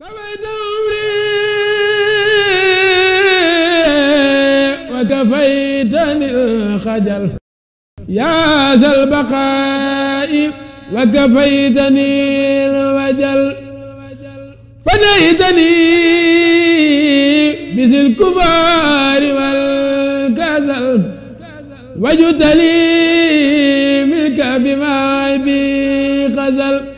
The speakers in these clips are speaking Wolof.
وكفيتني الخجل يا ذا البقاء وكفيتني الوجل فديتني بذي الكبار والكسل وجدت لي منك بما بي غزل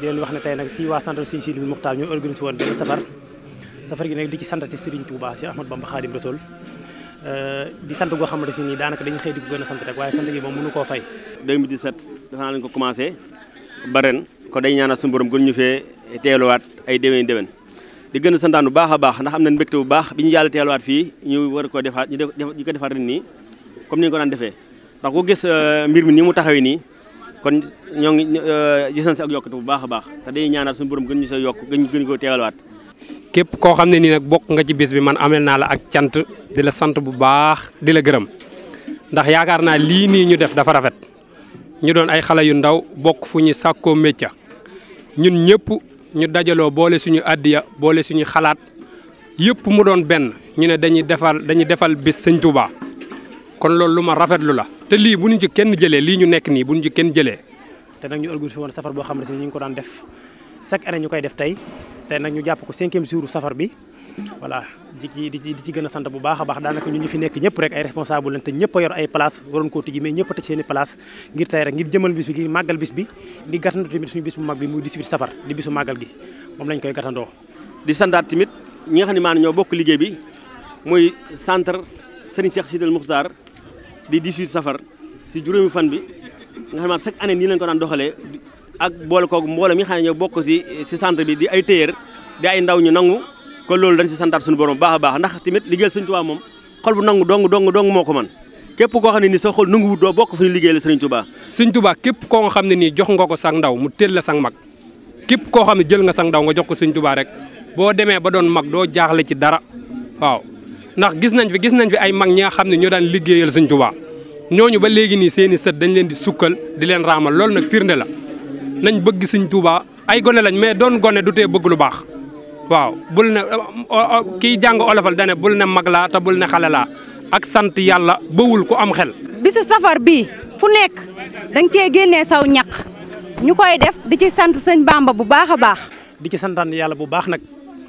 di leen wax ne tey nag fii waa centre Serigne Sidy Mokhtar ñoo organisé woon benn safar safar gi nag di ci santati Serigne Touba si Ahmad Bamba Khadim Rasoul euh, di sant goo xamante si nii daanaka dañu xëy ko gën a sant rek waaye sant gi moom mënu koo fay. 2017 dafa naa lañ ko commencé ba ren ko dañ ñaanal suñu borom gën ñu fee teeluwaat ay déwén déwén di gën a santaan bu baax a baax ndax am na mbégte bu baax bi ñu yàlla teeluwaat fii ñu war koo defaat ñu ko defaat ren nii comme ni ñu ko daan defee ndax ku gis euh, ni mu taxawee nii kon ñoo ngi euh, gis nañ si ak yokkute bu baax a baax te dañuy ñaanal suñu borom gën ñu sa yokk gën gën koo teewalwaat képp koo xam ne nii nag bokk nga ci bis bi man amel naa la ak cant di la sant bu baax di la gërëm ndax yaakaar naa lii nii ñu def dafa rafet ñu doon ay xale yu ndaw bokk fu ñu sàkkoo mécca ñun ñëpp ñu dajaloo boole suñu àddiya boole suñu xalaat yëpp mu doon benn ñu ne dañuy defal dañuy defal bis sëñ Touba kon loolu lu ma rafetlu la te lii bu ñu ci kenn jëlee lii ñu nekk nii bu ñu ci kenn jëlee. te nag ñu organisé woon safar boo xam ne si ñu ngi ko daan def chaque année ñu koy def tey te nag ñu jàpp ko cinquième jour safar bi voilà di ci di ci gën a sant bu baax a baax daanaka ñun ñu fi nekk ñëpp rek ay responsable lañ ñëpp a a tëj tey rek ngir jëmal bis bi ngir màggal bis bi di gàttandoo tamit suñu bis bu mag bi muy 18 safar di bisu màggal gi moom lañ koy gàttandoo. di santaat tamit ñi nga xam ne maanaam ñoo bokk liggéey bi muy centre Serigne Cheikh Sidel Moukhtar di 18 safar si juróomi fan bi nga xam ne chaque année nii lañ ko daan doxalee ak boole kooku mbooloo mi xam ñoo bokk si si centre bi di ay téyeer di ay ndaw ñu nangu ko loolu dañ si santaat suñu borom baax a baax ndax tamit liggéeyal Sëriñ Tuubaa moom xol bu nangu dong dong dong moo ko man képp koo xam ne nii soo xol nangu wut doo bokk fu ñu liggéeyal Sëriñ Tuubaa Sëriñ Tuubaa képp koo xam ne nii jox nga ko san ndaw mu teel la sang mag képp koo xam ne jël nga sang ndaw jox ko Sëriñ Tuubaa rek boo demee ba doon mag doo jaaxle ci dara waaw ndax gis nañ fi gis nañ fi ay mag ñaa xam ne ñoo daan liggéeyal sëñ Tuubaa ñooñu ba léegi nii seeni sët dañ leen di sukkal di leen raamal loolu nag firnde la nañ bëgg sëñ Tuubaa ay gone lañ mais doon gone du tee bëgg lu baax waaw bul ne kiy jàng olofal dane bul ne mag laa te bul ne xale laa ak sant yàlla bawul ku am xel bisu safar bii fu nekk dañ cee génnee saw ñaq ñu koy def di ci sant sëñ Bamba bu baax a baax di ci santaan yàlla bu baax nag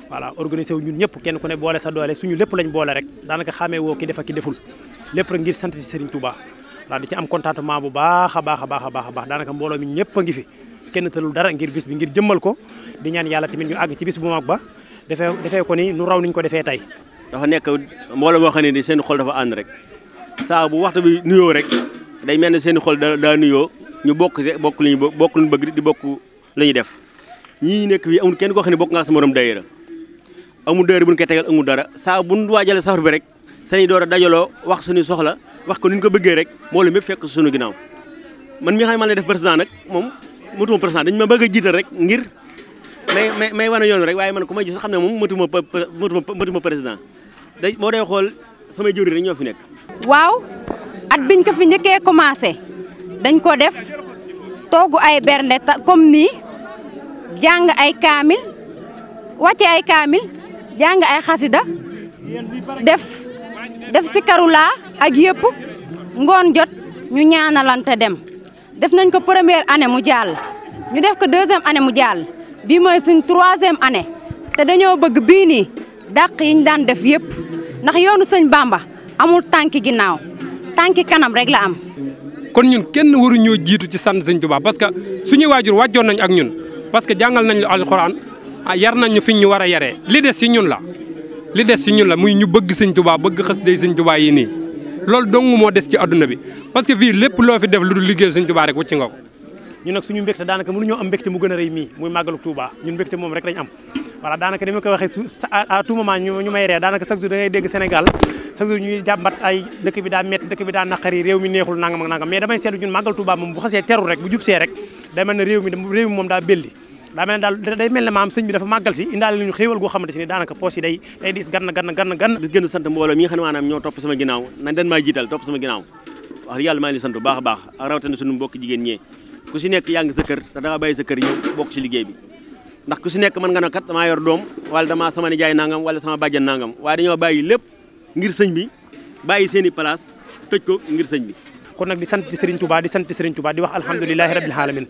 voilà organisé wu ñun ñëpp kenn ku ne boole sa su ñu lépp lañ boole rek daanaka xamee woo ki def ak ki deful lépp rek ngir sant ci Serigne Touba waaw di ci am contentement bu baax a baax a baax a baax daanaka mbooloo mi ñëpp ngi fi kenn tëlul dara ngir bis bi ngir jëmmal ko di ñaan yàlla tamit ñu àgg ci bis bu mag ba defee defee ko ni nu raw niñ ko defee tey. dafa nekk mbooloo moo xam ne ni seen xol dafa ànd rek saa bu waxtu bi nuyoo rek day mel ne seen xol da daa nuyoo ñu bokk bokk li ñu bokk lu ñu bëgg di bokk la ñuy def ñii nekk fii amul kenn koo xam ne bokk nga sa morom amul dër bu ñu koy tegal amul dara saa bu ñu waajalee safar bi rek sañuy door a dajaloo wax suñu soxla wax ko ni ñu ko bëggee rek mbooloo mépp fekk suñu ginnaaw man mi xam ne man def président nag moom motuma président dañ ma bëgg a jiital rek ngir may may may wane yoon rek waaye man ku may gis xam ne moom motuma motuma président day boo dee xool samay jëwri rek ñoo fi nekk. waaw at biñ ko fi njëkkee commencé dañ ko def toogu ay bernde comme nii jàng ay kaamil wàcce ay kaamil. jàng ay xasida def def si karulaa ak yëpp ngoon jot ñu ñaanalante dem def nañ ko première année mu jàll ñu def ko deuxième année mu jàll bii mooy suñ troisième année te dañoo bëgg bii nii dàq yiñ daan def yëpp ndax yoonu sëñ Bamba amul tànki ginnaaw tànki kanam rek la am. kon ñun kenn waruñoo jiitu ci sant sëñ Tuubaa parce que suñuy waajur wàccoon nañ ak ñun parce que jàngal nañu lu alxuraan ah yar nañ ñu fi ñu war a yaree li des si ñun la li des si ñun la muy ñu bëgg sëñ Tuubaa bëgg xës day sëñ Tuubaa yi nii loolu dong moo des ci adduna bi parce que fii lépp fi def lu dul liggéey sëñ Tuubaa rek nga ko ñu nag a rëy mii muy màggalu Tuubaa ñun mbégte moom rek lañ am voilà daanaka ni ma koy waxee su à tout moment ñu may ree daanaka chaque jour da ngay dégg Sénégal chaque jour ñuy jàmbat ay dëkk bi daa metti dëkk bi daa naqari réew teru rek bu jub rek day mel réew mi réew mi moom daa belli daa mel ne daal day mel ne maam sëñ bi dafa màggal si indaale nañu xéewal goo xamante si ni daanaka poos yi day day dis gann gann gann gann di gën a mbooloo mi nga xam ne ñoo topp sama ginnaaw nañ dañ maa jiital topp sama ginnaaw wax yàlla maa ngi sant bu baax a baax ak rawatina suñu mbokki jigéen ñee ku si nekk yaa ngi sa kër te da nga bàyyi sa kër ñëw bokk ci liggéey bi ndax ku si nekk mën nga ne kat damaa yor doom wala damaa sama nijaay nangam wala sama bàjjan nangam waaye bàyyi lépp ngir sëñ bi bàyyi seen i place tëj ko ngir sëñ bi kon nag di sant ci Serigne Touba di sant ci Serigne Touba di wax alhamdulilahi rabbil alamin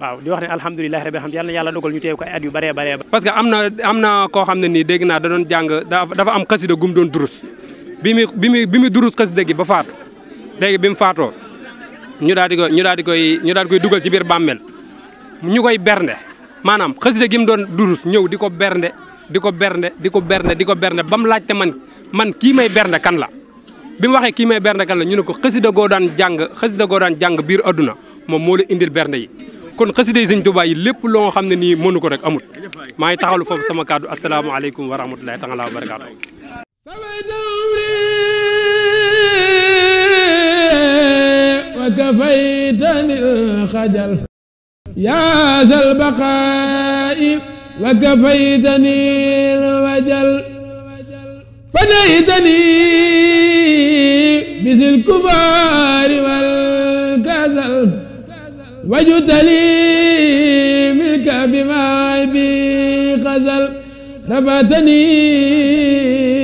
waaw di wax ne alhamdulilah rabbil hamd yàlla na yàlla dogal ñu teew ko ay at yu bëree bëree que am na am na koo xam ne nii dégg naa da doon jàng dafa am xasida gum doon durus bi mu bi muy bi muy durus xasida gi ba faat léegi bi mu faatoo ñu daal di koy ñu daal di koy ñu daal di koy dugal ci biir bàmmeel ñu koy bernde maanaam xasida gi mu doon durus ñëw di ko bernde di ko bernde di ko bernde di ko bernde ba mu laajte man man kii may bernde kan la bi mu waxee kii may bernde kan la ñu ne ko xasida goo daan jàng xasida goo daan jàng biir adduna moom moo la indil bernde yi kon xasida yi sëñ Tuubaa yi lépp loo xam ne nii mënu ko rek amut maa ngi taxawlu foofu sama kàddu asalaamaaleykum wa rahmatulahi taala wa barakaatu وكفيتني الخجل يا ذا البقاء وكفيتني الوجل فديتني بذي الكبار والكسل wajutali milka bi maay bi xasal rabatani